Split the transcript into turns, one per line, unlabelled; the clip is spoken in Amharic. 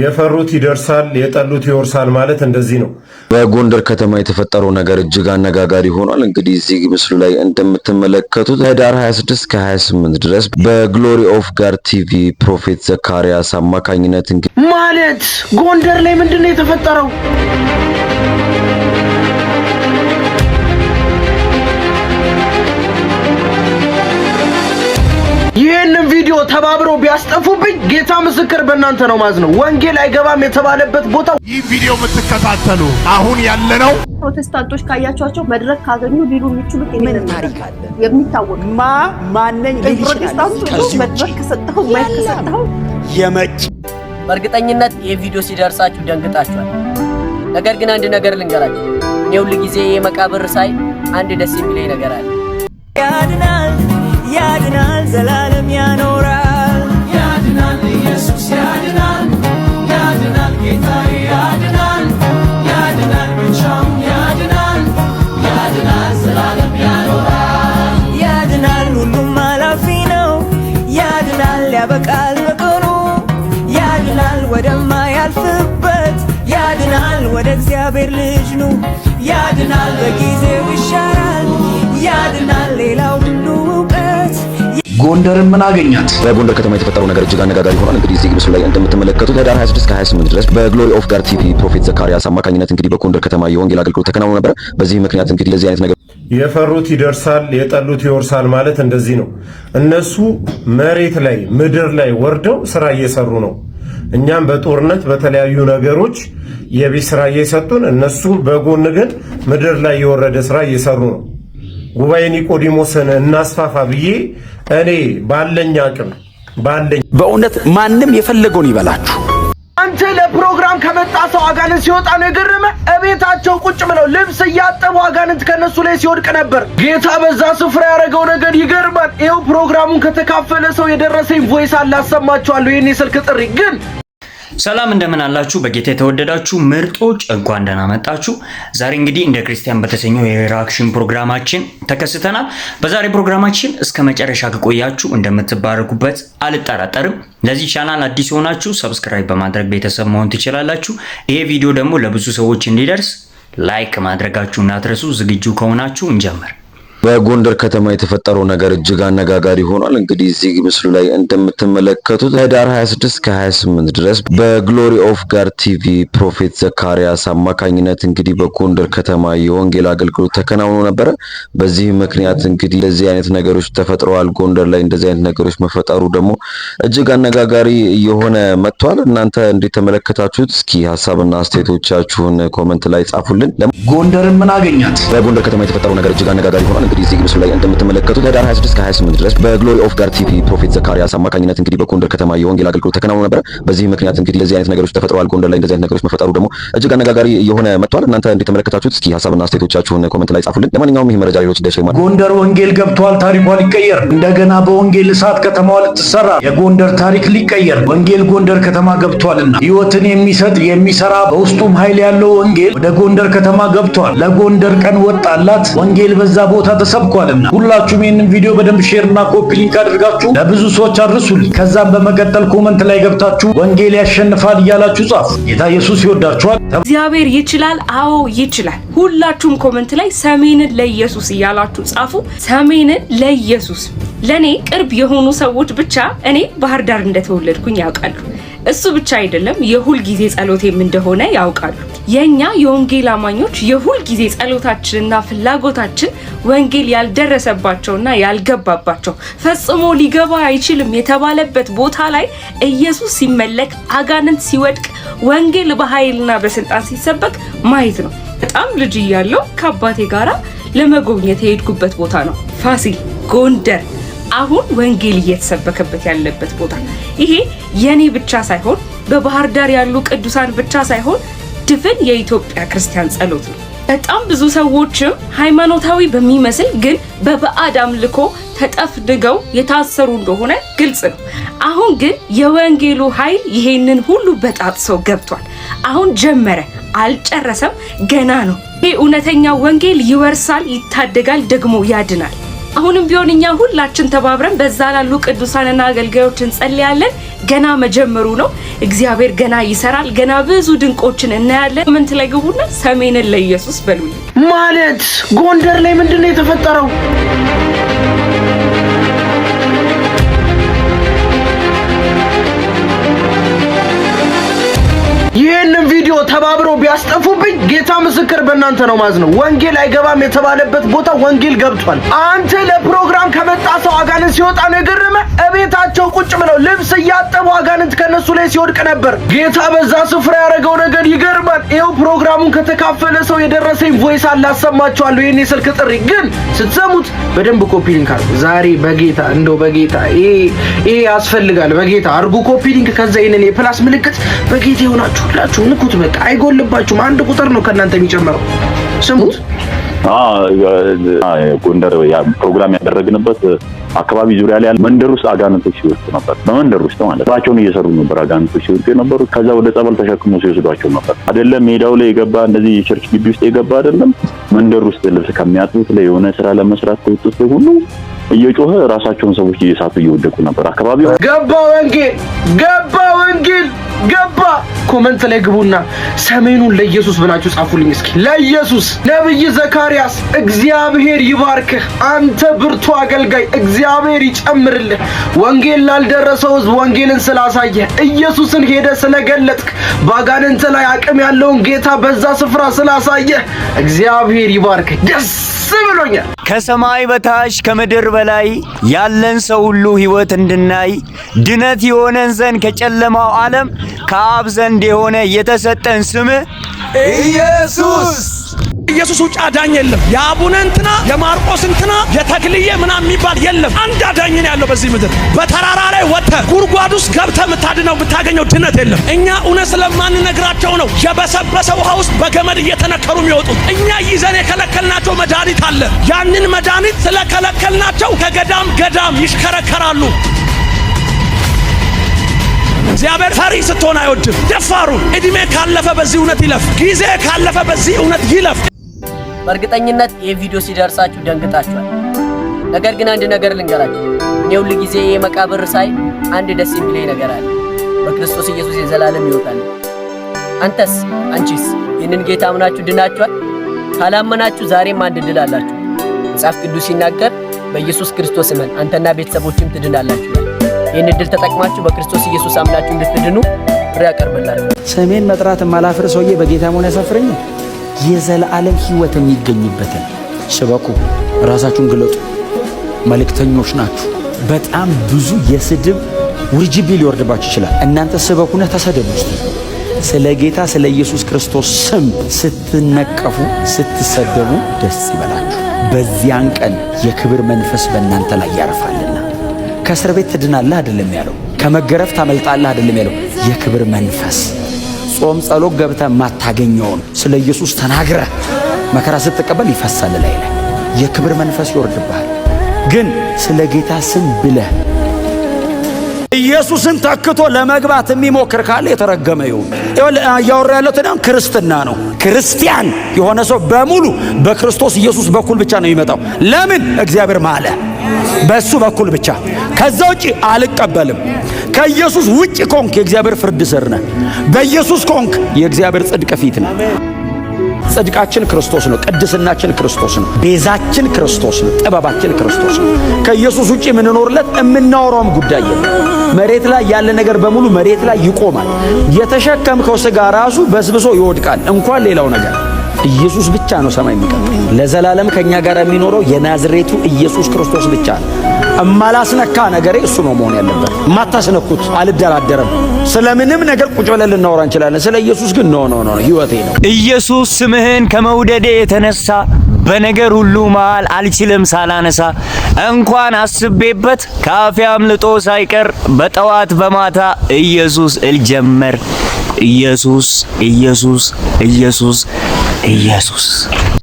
የፈሩት ይደርሳል፣ የጠሉት ይወርሳል ማለት እንደዚህ ነው። በጎንደር ከተማ የተፈጠረው ነገር እጅግ አነጋጋሪ ሆኗል። እንግዲህ እዚህ ምስሉ ላይ እንደምትመለከቱት ህዳር 26 ከ28 ድረስ በግሎሪ ኦፍ ጋር ቲቪ ፕሮፌት ዘካርያስ አማካኝነት
ማለት ጎንደር ላይ ምንድን ነው የተፈጠረው? ብሎ ተባብሮ ቢያስጠፉብኝ ጌታ ምስክር በእናንተ ነው ማዝ ነው። ወንጌል አይገባም የተባለበት ቦታ
ይህ ቪዲዮ የምትከታተሉ አሁን ያለ ነው።
ፕሮቴስታንቶች ካያቸዋቸው መድረክ ካገኙ ሊሉ የሚችሉት ምን
ታሪክ አለ የሚታወቅ
ማ ማነኝ
ፕሮቴስታንቶች መድረክ ከሰጠው ማይክ ከሰጠው
የመጭ
በእርግጠኝነት ይህ ቪዲዮ ሲደርሳችሁ ደንግጣችኋል። ነገር ግን አንድ ነገር ልንገራችሁ። እኔ ሁል ጊዜ የመቃብር ሳይ አንድ ደስ የሚለኝ ነገር አለ።
ያበቃል በቀኑ ያድናል ወደማያልፍበት ያድናል ወደ እግዚአብሔር ልጅ ኑ ያድናል በጊዜው ይሻራል ያድናል ሌላው ሁሉ እውቀት
ጎንደርን ምን አገኛት? በጎንደር ከተማ የተፈጠረው ነገር እጅግ አነጋጋሪ ሆኗል። እንግዲህ እዚህ ምስሉ ላይ እንደምትመለከቱት ህዳር 26 28 ድረስ በግሎሪ ኦፍ ጋድ ቲቪ ፕሮፌት ዘካርያስ አማካኝነት እንግዲህ በጎንደር ከተማ የወንጌል አገልግሎት ተከናውኖ ነበር። በዚህ ምክንያት እንግዲህ ለዚህ አይነት ነገር የፈሩት ይደርሳል፣ የጠሉት ይወርሳል ማለት እንደዚህ ነው። እነሱ መሬት ላይ ምድር ላይ ወርደው ስራ እየሰሩ ነው። እኛም በጦርነት በተለያዩ ነገሮች የቤት ስራ እየሰጡን፣ እነሱ በጎን ግን ምድር ላይ የወረደ ስራ እየሰሩ ነው። ጉባኤ ኒቆዲሞስን እናስፋፋ ብዬ እኔ ባለኝ አቅም ባለኝ በእውነት ማንም የፈለገውን ይበላችሁ አንተ ለፕሮግራም ከመጣ ሰው አጋንንት ሲወጣ ነው የገረመህ? እቤታቸው ቁጭ ብለው ልብስ እያጠቡ አጋንንት ከነሱ ላይ ሲወድቅ ነበር። ጌታ በዛ ስፍራ ያደረገው ነገር ይገርማል። ይኸው ፕሮግራሙን ከተካፈለ ሰው የደረሰኝ ቮይስ አላሰማችኋለሁ። ይህን የስልክ ጥሪ ግን
ሰላም እንደምን አላችሁ? በጌታ የተወደዳችሁ ምርጦች እንኳን ደህና መጣችሁ። ዛሬ እንግዲህ እንደ ክርስቲያን በተሰኘው የሪአክሽን ፕሮግራማችን ተከስተናል። በዛሬ ፕሮግራማችን እስከ መጨረሻ ከቆያችሁ እንደምትባረኩበት አልጠራጠርም። ለዚህ ቻናል አዲስ የሆናችሁ ሰብስክራይብ በማድረግ ቤተሰብ መሆን ትችላላችሁ። ይሄ ቪዲዮ ደግሞ ለብዙ ሰዎች እንዲደርስ ላይክ ማድረጋችሁ እናትረሱ። ዝግጁ ከሆናችሁ እንጀምር።
በጎንደር ከተማ የተፈጠረው ነገር እጅግ አነጋጋሪ ሆኗል። እንግዲህ እዚህ ምስሉ ላይ እንደምትመለከቱት ህዳር 26 ከ28 ድረስ በግሎሪ ኦፍ ጋር ቲቪ ፕሮፌት ዘካርያስ አማካኝነት እንግዲህ በጎንደር ከተማ የወንጌል አገልግሎት ተከናውኖ ነበረ። በዚህ ምክንያት እንግዲህ እንደዚህ አይነት ነገሮች ተፈጥረዋል። ጎንደር ላይ እንደዚህ አይነት ነገሮች መፈጠሩ ደግሞ እጅግ አነጋጋሪ እየሆነ መጥቷል። እናንተ እንዴት ተመለከታችሁት? እስኪ ሀሳብና አስተያየቶቻችሁን ኮመንት ላይ ጻፉልን።
ጎንደርን ምን አገኛት? በጎንደር ከተማ የተፈጠረው ነገር እጅግ አነጋጋሪ ሆኗል። እንግዲህ እዚህ ምስሉ ላይ እንደምትመለከቱት ህዳር 26 ከ28 ድረስ በግሎሪ ኦፍ ጋድ ቲቪ ፕሮፌት ዘካሪያስ አማካኝነት እንግዲህ በጎንደር ከተማ የወንጌል አገልግሎት ተከናውኖ ነበረ። በዚህ ምክንያት እንግዲህ እንደዚህ አይነት ነገሮች ተፈጥረዋል። ጎንደር ላይ እንደዚህ አይነት ነገሮች መፈጠሩ ደግሞ እጅግ አነጋጋሪ የሆነ መጥቷል። እናንተ እንዴት ተመለከታችሁት? እስኪ ሀሳብና አስተያየቶቻችሁን ኮመንት ላይ ጻፉልን። ለማንኛውም ይህ መረጃ ሌሎች ደሽ ጎንደር ወንጌል ገብቷል። ታሪኳ ሊቀየር እንደገና በወንጌል እሳት ከተማዋ ልትሰራ የጎንደር ታሪክ ሊቀየር ወንጌል ጎንደር ከተማ ገብቷልና ህይወትን የሚሰጥ የሚሰራ በውስጡም ኃይል ያለው ወንጌል ወደ ጎንደር ከተማ ገብቷል። ለጎንደር ቀን ወጣላት። ወንጌል በዛ ቦታ ተሰብኳልና ሁላችሁም ይህንን ቪዲዮ በደንብ እና ኮፒ ሊንክ አድርጋችሁ ለብዙ ሰዎች አድርሱልኝ። ከዛም በመቀጠል ኮመንት ላይ ገብታችሁ ወንጌል ያሸንፋል እያላችሁ ጻፉ። ጌታ ኢየሱስ ይወዳችኋል። እግዚአብሔር ይችላል። አዎ ይችላል። ሁላችሁም ኮመንት ላይ ሰሜንን ለኢየሱስ እያላችሁ ጻፉ። ሰሜንን ለኢየሱስ ለኔ ቅርብ የሆኑ ሰዎች ብቻ እኔ ባህር ዳር እንደተወለድኩኝ ያውቃሉ። እሱ ብቻ አይደለም የሁል ጊዜ ጸሎቴም እንደሆነ ያውቃሉ። የኛ የወንጌል አማኞች የሁል ጊዜ ጸሎታችንና ፍላጎታችን ወንጌል ያልደረሰባቸውና ያልገባባቸው ፈጽሞ ሊገባ አይችልም የተባለበት ቦታ ላይ ኢየሱስ ሲመለክ፣ አጋንንት ሲወድቅ፣ ወንጌል በኃይልና በስልጣን ሲሰበክ ማየት ነው። በጣም ልጅ እያለሁ ከአባቴ ጋር ለመጎብኘት የሄድኩበት ቦታ ነው ፋሲል ጎንደር አሁን ወንጌል እየተሰበከበት ያለበት ቦታ። ይሄ የኔ ብቻ ሳይሆን በባህር ዳር ያሉ ቅዱሳን ብቻ ሳይሆን ድፍን የኢትዮጵያ ክርስቲያን ጸሎት ነው። በጣም ብዙ ሰዎችም ሃይማኖታዊ በሚመስል ግን በባዕድ አምልኮ ተጠፍድገው የታሰሩ እንደሆነ ግልጽ ነው። አሁን ግን የወንጌሉ ኃይል ይሄንን ሁሉ በጣጥሶ ገብቷል። አሁን ጀመረ፣ አልጨረሰም፣ ገና ነው። ይህ እውነተኛ ወንጌል ይወርሳል፣ ይታደጋል፣ ደግሞ ያድናል። አሁንም ቢሆን እኛ ሁላችን ተባብረን በዛ ላሉ ቅዱሳንና አገልጋዮች እንጸልያለን። ገና መጀመሩ ነው። እግዚአብሔር ገና ይሰራል። ገና ብዙ ድንቆችን እናያለን። ኮመንት ላይ ግቡና ሰሜንን ለኢየሱስ በሉልኝ። ማለት ጎንደር ላይ ምንድን ነው የተፈጠረው? ቪዲዮ ተባብሮ ቢያስጠፉብኝ ጌታ ምስክር በእናንተ ነው ማለት ነው። ወንጌል አይገባም የተባለበት ቦታ ወንጌል ገብቷል። አንተ ለፕሮግራም ከመጣ ሰው አጋንንት ሲወጣ ነገር ቤታቸው ቁጭ ብለው ልብስ እያጠቡ አጋንንት ከነሱ ላይ ሲወድቅ ነበር። ጌታ በዛ ስፍራ ያደረገው ነገር ይገርማል። ይኸው ፕሮግራሙን ከተካፈለ ሰው የደረሰኝ ቮይስ አላሰማችኋለሁ። ይህን የስልክ ጥሪ ግን ስትሰሙት በደንብ ኮፒ ሊንክ አርጉ። ዛሬ በጌታ እንደው በጌታ ይሄ ያስፈልጋል። በጌታ አርጉ ኮፒ ሊንክ። ከዛ ይህንን የፕላስ ምልክት በጌታ የሆናችሁ ሁላችሁ ንኩት። በቃ አይጎልባችሁም። አንድ ቁጥር ነው ከእናንተ የሚጨመረው። ስሙት
ጎንደር ፕሮግራም ያደረግንበት አካባቢ ዙሪያ ላይ ያለ መንደር ውስጥ አጋንንቶች ሲወጡ ነበር። በመንደር ውስጥ ማለት ስራቸውን እየሰሩ ነበር አጋንንቶች ሲወጡ የነበሩ ከዛ ወደ ጸበል ተሸክሞ ሲወስዷቸው ነበር። አይደለም ሜዳው ላይ የገባ እንደዚህ የቸርች ግቢ ውስጥ የገባ አይደለም መንደር ውስጥ ልብስ ከሚያጥቡት ላይ የሆነ ስራ ለመስራት ከወጡት ሁሉ እየጮኸ ራሳቸውን ሰዎች እየሳቱ እየወደቁ ነበር። አካባቢው
ገባ ወንጌል ገባ ወንጌል ገባ። ኮመንት ላይ ግቡና ሰሜኑን ለኢየሱስ ብላችሁ ጻፉልኝ እስኪ። ለኢየሱስ ነብይ ዘካርያስ እግዚአብሔር ይባርክህ፣ አንተ ብርቱ አገልጋይ እግዚአብሔር ይጨምርልህ። ወንጌል ላልደረሰው ህዝብ ወንጌልን ስላሳየ ኢየሱስን ሄደ ስለገለጥክ፣ ባጋንንት ላይ አቅም ያለውን ጌታ በዛ ስፍራ ስላሳየ እግዚአብሔር ይባርክህ። ደስ ብሎኛል።
ከሰማይ በታች ከምድር በላይ ያለን ሰው ሁሉ ሕይወት እንድናይ ድነት የሆነን ዘንድ ከጨለማው ዓለም ከአብ ዘንድ የሆነ የተሰጠን ስም ኢየሱስ
ኢየሱስ ውጭ አዳኝ የለም። የአቡነ እንትና የማርቆስ እንትና የተክልዬ ምናም የሚባል የለም። አንድ አዳኝ ነው ያለው በዚህ ምድር። በተራራ ላይ ወተ ጉድጓድ ውስጥ ገብተህ የምታድነው የምታገኘው ድነት የለም። እኛ እውነት ስለማንነግራቸው ነው የበሰበሰ ውሃ ውስጥ በገመድ እየተነከሩ የሚወጡት። እኛ ይዘን የከለከልናቸው መድኃኒት አለ። ያንን መድኃኒት ስለከለከልናቸው ከገዳም ገዳም ይሽከረከራሉ። እግዚአብሔር ፈሪ ስትሆን አይወድም። ደፋሩ እድሜ ካለፈ በዚህ እውነት ይለፍ። ጊዜ ካለፈ በዚህ እውነት ይለፍ።
በእርግጠኝነት ይህ ቪዲዮ ሲደርሳችሁ ደንግጣችኋል። ነገር ግን አንድ ነገር ልንገራችሁ። እኔ ሁል ጊዜ ይህ መቃብር ሳይ አንድ ደስ የሚለኝ ነገር አለ። በክርስቶስ ኢየሱስ የዘላለም ይወጣል። አንተስ አንቺስ ይህንን ጌታ አምናችሁ ድናችኋል? ካላመናችሁ ዛሬም አንድ ድል አላችሁ። መጽሐፍ ቅዱስ ሲናገር በኢየሱስ ክርስቶስ እመን አንተና ቤተሰቦችም ትድናላችሁ። ይህን እድል ተጠቅማችሁ በክርስቶስ ኢየሱስ አምናችሁ እንድትድኑ ፍሬ ያቀርብላል።
ስሜን መጥራት ማላፍር ሰውዬ በጌታ መሆን ያሳፍረኛል። የዘላለም ህይወት የሚገኝበትን ስበኩ፣ ራሳችሁን ግለጡ፣ መልእክተኞች ናችሁ። በጣም ብዙ የስድብ ውርጅቢ ሊወርድባችሁ ይችላል። እናንተ ስበኩነ ተሰደቡ ስለ ጌታ ስለ ኢየሱስ ክርስቶስ ስም ስትነቀፉ፣ ስትሰደቡ ደስ ይበላችሁ። በዚያን ቀን የክብር መንፈስ በእናንተ ላይ ያርፋልና። ከእስር ቤት ትድናለህ አይደለም ያለው፣ ከመገረፍ ታመልጣለህ አይደለም ያለው፣ የክብር መንፈስ ጾም ጸሎት ገብተ ማታገኘውን ስለ ኢየሱስ ተናግረ መከራ ስትቀበል ይፈሳል ላይ ላይ የክብር መንፈስ ይወርድብሃል። ግን ስለ ጌታ ስም ብለህ ኢየሱስን ተክቶ ለመግባት የሚሞክር ካለ የተረገመ ይሁን። እያወራ ያለው ትዳም ክርስትና ነው። ክርስቲያን የሆነ ሰው በሙሉ በክርስቶስ ኢየሱስ በኩል ብቻ ነው የሚመጣው። ለምን? እግዚአብሔር ማለ በእሱ በኩል ብቻ። ከዛ ውጭ አልቀበልም። ከኢየሱስ ውጭ ኮንክ የእግዚአብሔር ፍርድ ስር ነህ። በኢየሱስ ኮንክ የእግዚአብሔር ጽድቅ ፊት ነህ። ጽድቃችን ክርስቶስ ነው። ቅድስናችን ክርስቶስ ነው። ቤዛችን ክርስቶስ ነው። ጥበባችን ክርስቶስ ነው። ከኢየሱስ ውጪ የምንኖርለት የምናወራውም ጉዳይ የለም። መሬት ላይ ያለ ነገር በሙሉ መሬት ላይ ይቆማል። የተሸከምከው ስጋ ራሱ በስብሶ ይወድቃል። እንኳን ሌላው ነገር ኢየሱስ ብቻ ነው ሰማይ የሚቀር ለዘላለም ከኛ ጋር የሚኖረው የናዝሬቱ ኢየሱስ ክርስቶስ ብቻ ነው። እማላስነካ ነገሬ እሱ ነው መሆን ያለበት። እማታስነኩት አልደራደርም። ስለምንም ነገር ቁጭ ብለን ልናወራ እንችላለን። ስለ ኢየሱስ ግን ኖ ኖ ኖ ህይወቴ ነው
ኢየሱስ። ስምህን ከመውደዴ የተነሳ በነገር ሁሉ መሃል አልችልም ሳላነሳ እንኳን አስቤበት ከአፌ አምልጦ ሳይቀር በጠዋት በማታ ኢየሱስ እልጀመር ኢየሱስ ኢየሱስ ኢየሱስ ኢየሱስ